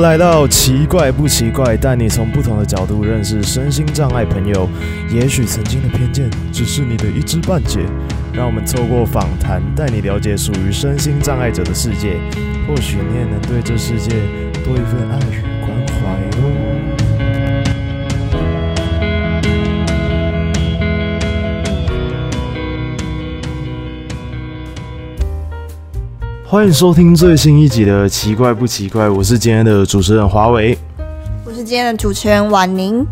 來到奇怪不歧怪，帶你從不同的角度認識身心障礙朋友。也許曾經的偏見只是你的一知半解。讓我們透過訪談，帶你了解屬於身心障礙者的世界。或許你也能對這世界多一份愛與。歡迎收聽最新一集的《奇怪不歧怪》，我是今天的主持人華為，我是今天的主持人婉寧。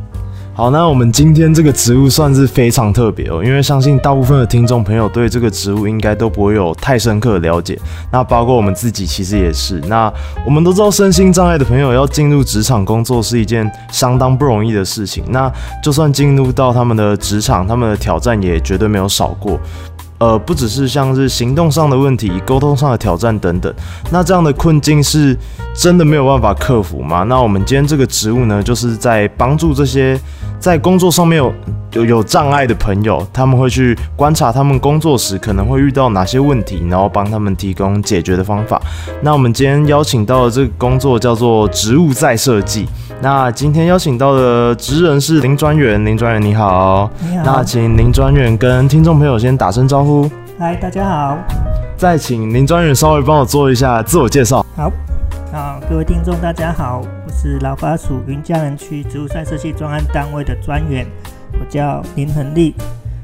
好，那我們今天這個職務算是非常特別哦，因為相信大部分的聽眾朋友對這個職務應該都不會有太深刻的了解。那包括我們自己，其實也是。那我們都知道，身心障礙的朋友要進入職場工作是一件相當不容易的事情。那就算進入到他們的職場，他們的挑戰也絕對沒有少過。呃，不只是像是行動上的問題、溝通上的挑戰等等，那這樣的困境是真的沒有辦法克服嗎？那我們今天這個職務呢，就是在幫助這些在工作上面有有，有障礙的朋友，他們會去觀察他們工作時可能會遇到哪些問題，然後幫他們提供解決的方法。那我們今天邀請到的這個工作叫做職務再設計。那今天邀請到的職人是林專員。林專員你好，你好。那請林專員跟聽眾朋友先打聲招呼，嗨，大家好。再請林專員稍微幫我做一下自我介紹。好，那、啊、各位聽眾大家好，我是勞發署雲嘉南區職務再設計專案單位的專員，我叫林恆利。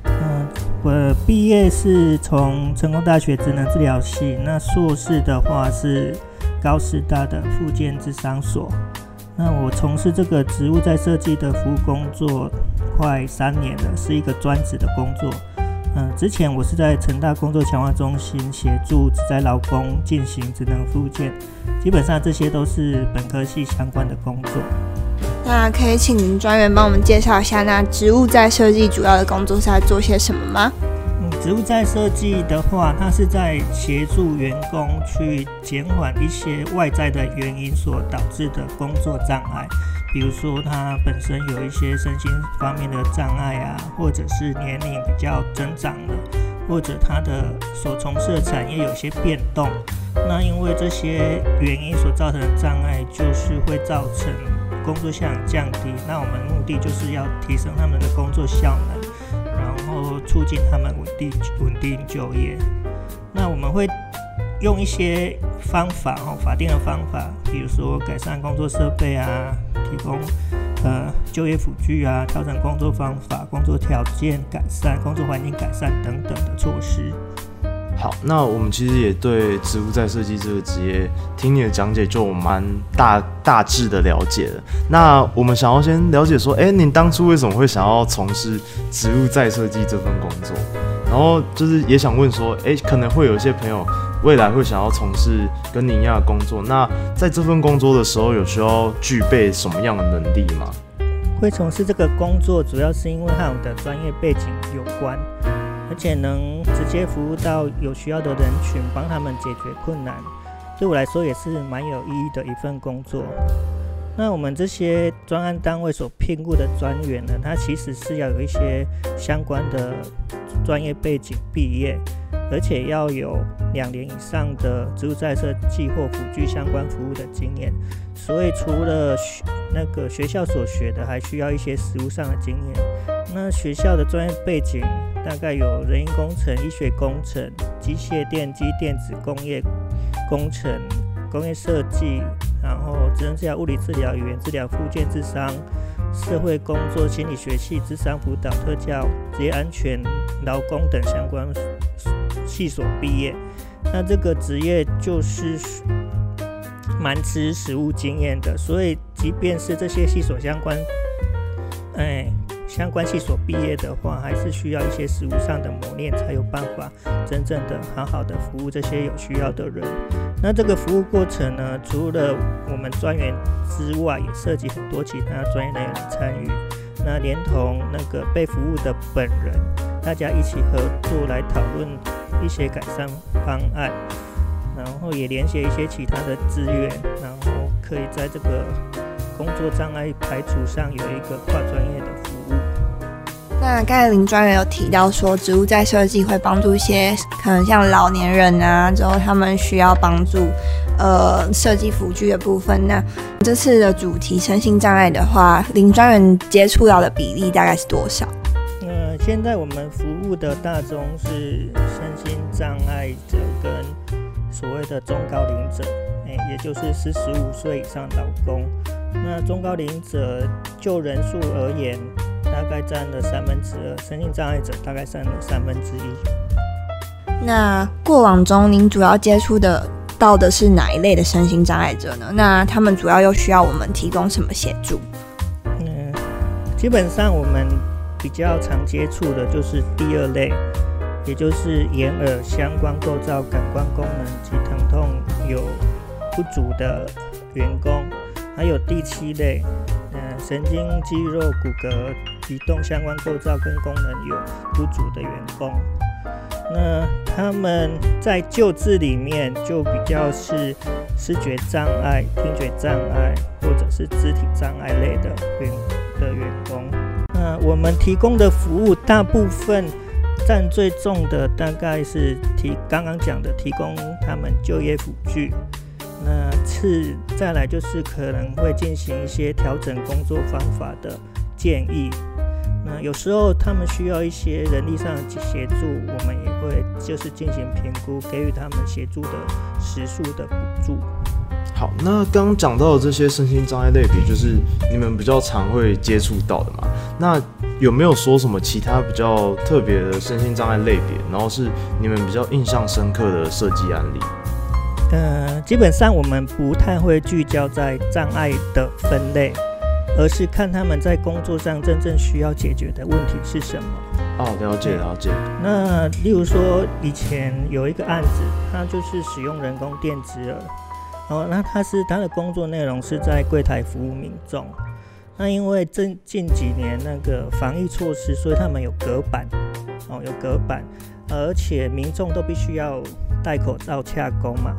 嗯，我畢業是從成功大學職能治療系，那碩士的話是高師大的復健諮商所。那我從事這個職務再設計的服務工作快三年了，是一個專職的工作。嗯、呃，之前我是在成大工作強化中心協助職災勞工進行職能復健，基本上這些都是本科系相關的工作。那可以請專員幫我們介紹一下，那職務再設計主要的工作是在做些什麼嗎？職務再設計的話，它是在協助員工去減緩一些外在的原因所導致的工作障礙，比如說他本身有一些身心方面的障礙啊，或者是年齡比較增長了，或者他的所從事的產業有些變動，那因為這些原因所造成的障礙，就是會造成工作效能降低。那我們目的就是要提升他們的工作效能。促進他們穩定穩定就業，那我們會用一些方法哦，法定的方法，比如說改善工作設備啊，提供呃就業輔具啊，調整工作方法、工作條件改善、工作環境改善等等的措施。好，那我們其實也對職務再設計這個職業，聽你的講解就蠻大大致的了解了。那我們想要先了解說，哎，您當初為什麼會想要從事職務再設計這份工作？然後就是也想問說，哎，可能會有一些朋友未來會想要從事跟您一樣的工作，那在這份工作的時候，有需要具備什麼樣的能力嗎？會從事這個工作，主要是因為和我們的專業背景有關。而且能直接服務到有需要的人群，幫他們解決困難，對我來說也是蠻有意義的一份工作。那我們這些專案單位所聘雇的專員呢，他其實是要有一些相關的專業背景畢業，而且要有兩年以上的職務再設計或輔具相關服務的經驗。所以除了學那個學校所學的，還需要一些實務上的經驗。那學校的專業背景大概有人因工程、醫學工程、機械、電機、電子工業工程、工業設計，然後職能治療、物理治療、語言治療、復健諮商、社會工作、心理學系、諮商輔導、特教、職業安全、勞工等相關系所畢業。那這個職業就是蠻吃實務經驗的，所以即便是這些系所相關，哎。相關系所畢業的話，還是需要一些實務上的磨練，才有辦法真正的、好好的服務這些有需要的人。那這個服務過程呢，除了我們專員之外，也涉及很多其他專業人員參與。那連同那個被服務的本人，大家一起合作來討論一些改善方案，然後也連接一些其他的資源，然後可以在這個工作障礙排除上有一個跨專業的。那剛才林專員有提到說，職務再設計會幫助一些可能像老年人啊，之後他們需要幫助，呃，設計輔具的部分。那這次的主題身心障礙的話，林專員接觸到的比例大概是多少？呃，現在我們服務的大宗是身心障礙者跟所謂的中高齡者，欸，也就是四十五歲以上勞工。那中高齡者就人數而言。大概占了三分之二，3，身心障礙者大概占了三分之一。那過往中您主要接觸的到的是哪一類的身心障礙者呢？那他們主要又需要我們提供什麼協助？嗯，基本上我們比較常接觸的就是第二類，也就是眼耳相關構造、感官功能及疼痛有不足的員工，還有第七類，嗯，神經肌肉骨骼，移動相關構造跟功能有不足的員工，那他們在就職裡面就比較是視覺障礙、聽覺障礙或者是肢體障礙類的員的員工。那我們提供的服務大部分占最重的，大概是提剛剛講的提供他們就業輔具。那次再來就是可能會進行一些調整工作方法的建議、嗯，有時候他們需要一些人力上的協助，我們也會就是進行評估，給予他們協助的時數的補助。好，那剛剛講到的這些身心障礙類別，就是你們比較常會接觸到的嘛？那有沒有說什麼其他比較特別的身心障礙類別，然後是你們比較印象深刻的設計案例？呃，基本上我們不太會聚焦在障礙的分類。而是看他們在工作上真正需要解決的問題是什麼。哦，了解了解。那例如說，以前有一個案子，他就是使用人工電子耳。哦，那他是他的工作內容是在櫃台服務民眾。那因為近近幾年那個防疫措施，所以他們有隔板，哦，有隔板，而且民眾都必須要戴口罩洽公嘛。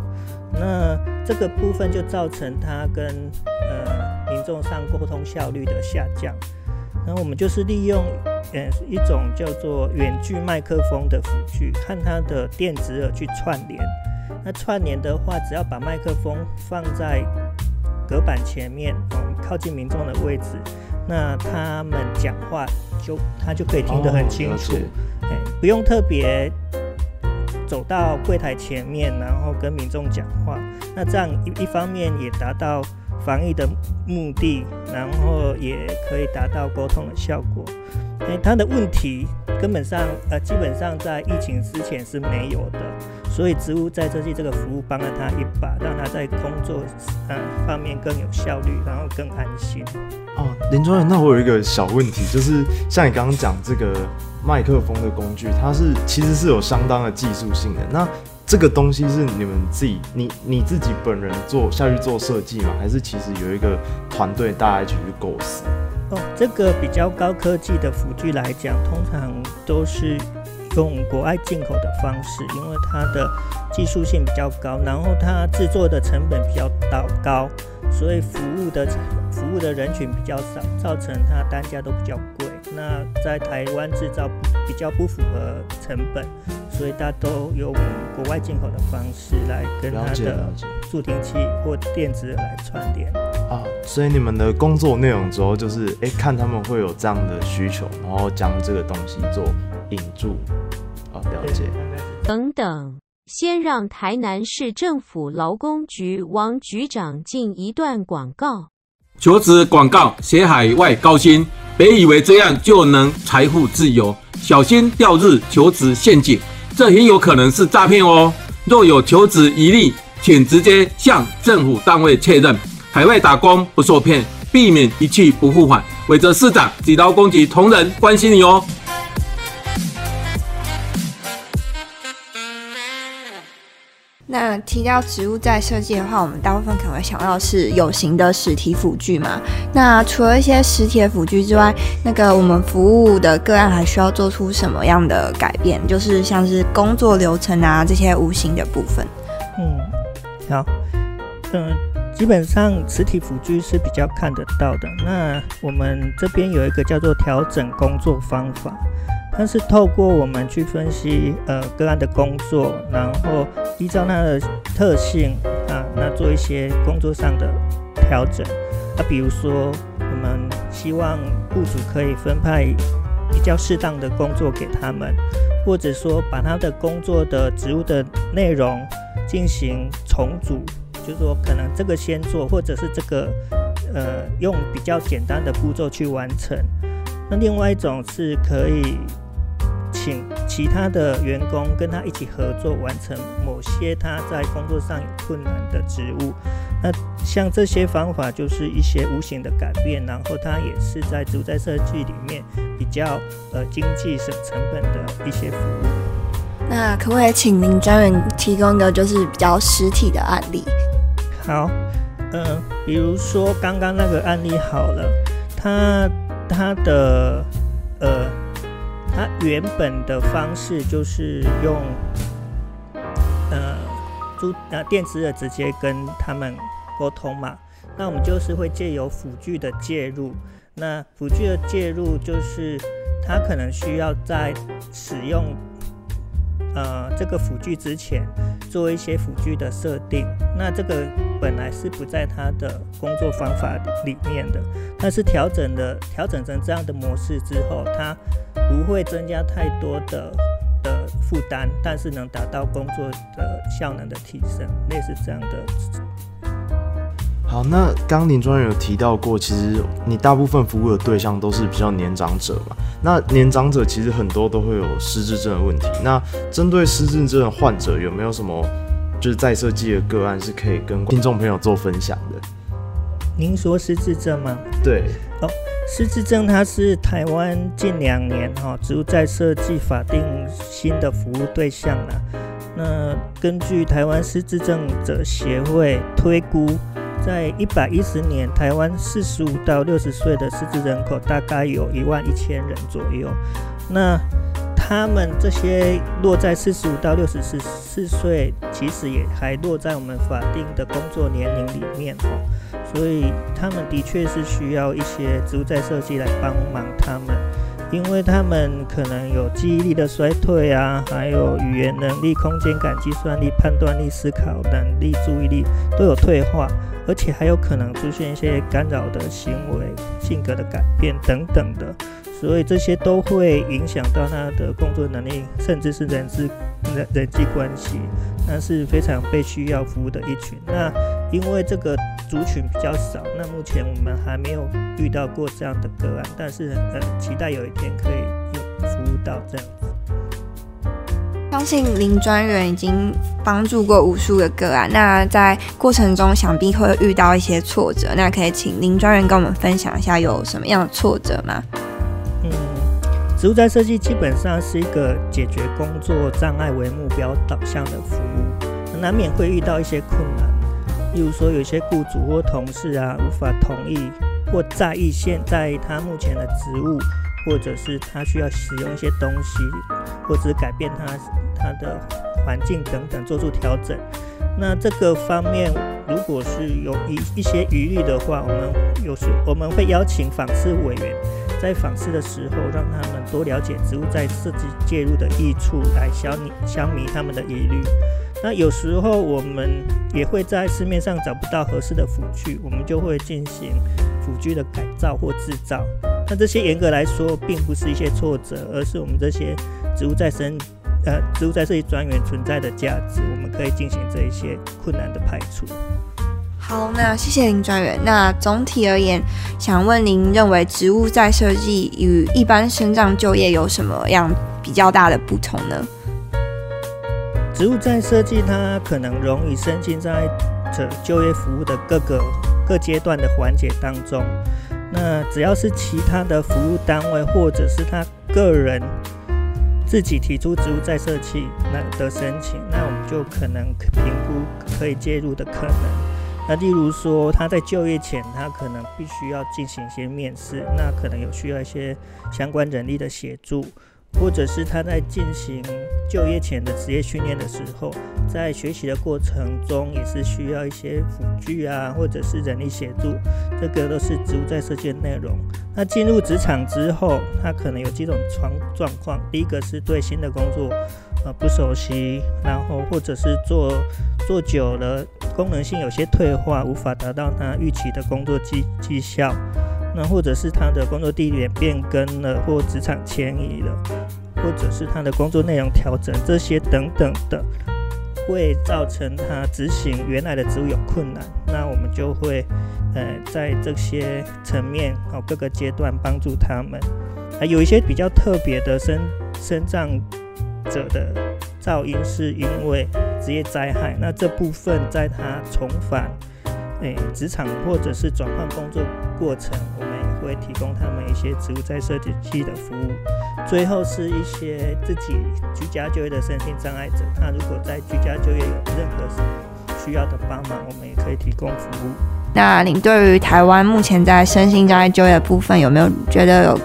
那這個部分就造成他跟呃。眾上溝通效率的下降，然後我們就是利用呃一種叫做遠距麥克風的輔具，看它的電子耳去串聯。那串聯的話，只要把麥克風放在隔板前面，嗯，靠近民眾的位置，那他們講話就他就可以聽得很清楚，哦，欸，不用特別走到櫃檯前面，然後跟民眾講話。那這樣一一方面也達到。防疫的目的，然後也可以達到溝通的效果。因為他的問題根本上，呃，基本上在疫情之前是沒有的，所以職務再設計這個服務幫了他一把，讓他在工作呃方面更有效率，然後更安心。哦，林主任，那我有一個小問題，就是像你剛剛講這個麥克風的工具，它是其實是有相當的技術性的，那。這個東西是你們自己，你你自己本人做下去做設計嗎？還是其實有一個團隊大家一起去構思？哦，這個比較高科技的輔具來講，通常都是用國外進口的方式，因為它的技術性比較高，然後它製作的成本比較高，所以服務的服務的人群比較少，造成它單價都比較貴。那在台灣製造比較不符合成本，所以大家都用國外進口的方式來跟它的助聽器或電子來串電。啊、所以你們的工作內容主要就是哎、欸，看他們會有這樣的需求，然後將這個東西做引注啊。了解。等等，先讓台南市政府勞工局王局長進一段廣告。求職廣告寫海外高薪，別以為這樣就能財富自由，小心掉入求職陷阱。這很有可能是詐騙哦。若有求職疑慮，請直接向政府單位確認。海外打工不受騙，避免一去不復返。偉哲市長，暨勞工局同仁，關心你哦。那提到職務再設計的話，我們大部分可能會想到是有形的實體輔具嘛。那除了一些實體的輔具之外，那個我們服務的個案還需要做出什麼樣的改變？就是像是工作流程啊這些無形的部分。嗯，好，嗯，基本上實體輔具是比較看得到的。那我們這邊有一個叫做調整工作方法。但是透過我們去分析呃個案的工作，然後依照他的特性啊，那做一些工作上的調整。那、啊、比如說，我們希望雇主可以分派比較適當的工作給他們，或者說把他的工作的職務的內容進行重組，就是說可能這個先做，或者是這個呃用比較簡單的步驟去完成。那另外一種是可以其他的員工跟他一起合作，完成某些他在工作上有困難的職務。那像這些方法，就是一些無形的改變。然後他也是在職務再設計裡面比較呃經濟省成本的一些服務。那可不可以請您專員提供一個就是比較實體的案例？好，嗯、呃，比如說剛剛那個案例好了，他他的呃。他原本的方式就是用，呃，租呃、啊、電池的直接跟他們溝通嘛。那我們就是會借由輔具的介入，那輔具的介入就是他可能需要在使用。呃，這個輔具之前做一些輔具的設定，那這個本來是不在他的工作方法裡面的，但是調整的調整成這樣的模式之後，它不會增加太多的的負擔，但是能達到工作的效能的提升，類似這樣的。好，那剛林專員有提到過，其實你大部分服務的對象都是比較年長者吧？那年長者其實很多都會有失智症的問題。那針對失智症的患者，有沒有什麼就是再設計的個案是可以跟聽眾朋友做分享的？您說失智症嗎？對，哦，失智症它是台灣近兩年哈職務再設計法定新的服務對象啦。那根據台灣失智症者協會推估。在一百一十年，台灣四十五到六十歲的失智人口大概有一萬一千人左右。那他們這些落在四十五到六十四四歲，其實也還落在我們法定的工作年齡裡面，所以他們的確是需要一些職務再設計來幫忙他們。因為他們可能有記憶力的衰退啊，還有語言能力、空間感、計算力、判斷力、思考能力、注意力都有退化，而且還有可能出現一些干擾的行為、性格的改變等等的，所以這些都會影響到他的工作能力，甚至是人際、人人際關係，那是非常被需要服務的一群。那。因為這個族群比較少，那目前我們還沒有遇到過這樣的個案，但是很期待有一天可以用服務到這樣子。相信林專員已經幫助過無數個個、個案，那在過程中想必會遇到一些挫折，那可以請林專員跟我們分享一下有什麼樣的挫折嗎？嗯，職務再設計基本上是一個解決工作障礙為目標導向的服務，難免會遇到一些困難。例如說，有些雇主或同事啊無法同意或在意現在他目前的職務，或者是他需要使用一些東西，或者改變他他的環境等等，做出調整。那這個方面如果是有一一些疑慮的話，我們有時我們會邀請訪視委員，在訪視的時候讓他們多了解職務再設計介入的益處，來消，消弭消弭他們的疑慮。那有時候我們也會在市面上找不到合適的輔具，我們就會進行輔具的改造或制造。那這些嚴格來說，並不是一些挫折，而是我們這些職務再生，呃，職務再設計專員存在的價值。我們可以進行這一些困難的排除。好，那謝謝林專員。那總體而言，想問您認為職務再設計與一般身障就業有什麼樣比較大的不同呢？職務再設計，它可能容易申請在這就業服務的各個各階段的環節當中。那只要是其他的服務單位，或者是他個人自己提出職務再設計那的申請，那我們就可能評估可以介入的可能。那例如說他在就業前，他可能必須要進行一些面試，那可能有需要一些相關人力的協助。或者是他在進行就業前的職業訓練的時候，在學習的過程中也是需要一些輔具啊，或者是人力協助，這個都是職務再設計的內容。那進入職場之後，他可能有幾種狀狀況，第一個是對新的工作呃不熟悉，然後或者是做做久了功能性有些退化，無法達到他預期的工作績績效。那或者是他的工作地點變更了，或職場遷移了，或者是他的工作內容調整，這些等等的，會造成他執行原來的職務有困難。那我們就會呃在這些層面哦各個階段幫助他們。還、啊、有一些比較特別的身身障者的噪音，是因為職業災害。那這部分在他重返。誒，職場或者是轉換工作過程，我們也會提供他們一些職務再設計的服務。最後是一些自己居家就業的身心障礙者，那如果在居家就業有任何需要的幫忙，我們也可以提供服務。那您對於台灣目前在身心障礙就業的部分，有沒有覺得有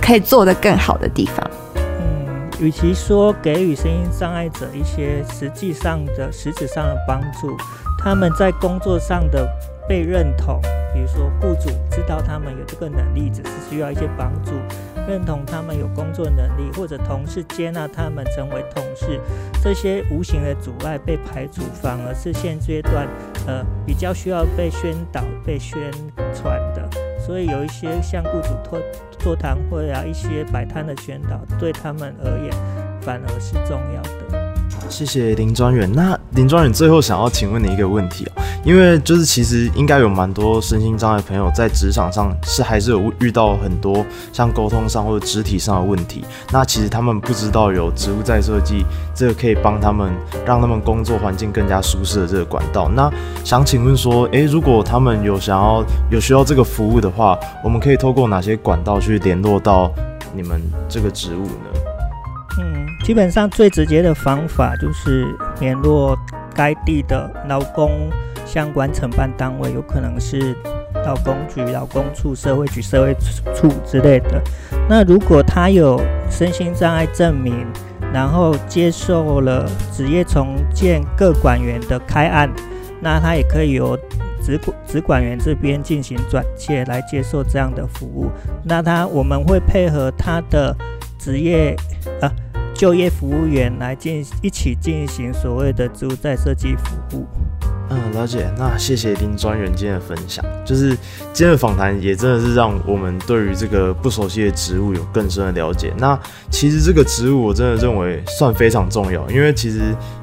可以做得更好的地方？嗯，與其說給予身心障礙者一些實際上的實質上的幫助，他們在工作上的被認同，比如說雇主知道他們有這個能力，只是需要一些幫助；認同他們有工作能力，或者同事接納他們成為同事，這些無形的阻礙被排除，反而是現階段呃比較需要被宣導、被宣傳的。所以有一些像雇主座座談會啊，或者一些擺攤的宣導，對他們而言反而是重要的。謝謝林專員。那林專員最後想要請問你一個問題哦，因為就是其實應該有蠻多身心障礙朋友在職場上是還是有遇到很多像溝通上或者肢體上的問題。那其實他們不知道有職務再設計，這個可以幫他們讓他們工作環境更加舒適的這個管道。那想請問說，誒、欸，如果他們有想要有需要這個服務的話，我們可以透過哪些管道去聯絡到你們這個職務呢？基本上最直接的方法就是聯絡該地的勞工相關承辦單位，有可能是勞工局、勞工處、社會局、社會處之類的。那如果他有身心障礙證明，然後接受了職業重建各管員的開案，那他也可以由職管、職管員這邊進行轉介來接受這樣的服務。那他我們會配合他的職業啊。就業服務員來進一起進行所謂的職務再設計服務。嗯，了解。那謝謝林專員今天的分享，就是今天的訪談也真的是讓我們對於這個不熟悉的職務有更深的了解。那其實這個職務我真的認為算非常重要，因為其實。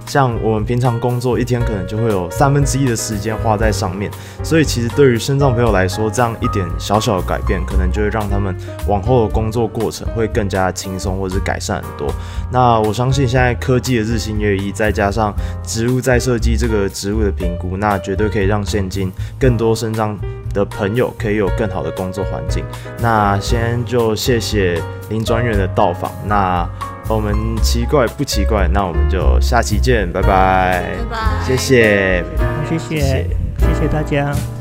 像我們平常工作一天，可能就會有三分之一的時間花在上面，所以其實對於身障朋友來說，這樣一點小小的改變，可能就會讓他們往後的工作過程會更加輕鬆，或是改善很多。那我相信現在科技的日新月異，再加上職務再設計這個職務的評估，那絕對可以讓現今更多身障的朋友可以有更好的工作環境。那先就謝謝林專員的到訪。那。我們奇怪不歧怪？那我們就下期見，拜拜！拜拜！謝謝，拜拜，謝謝，謝謝，謝謝大家。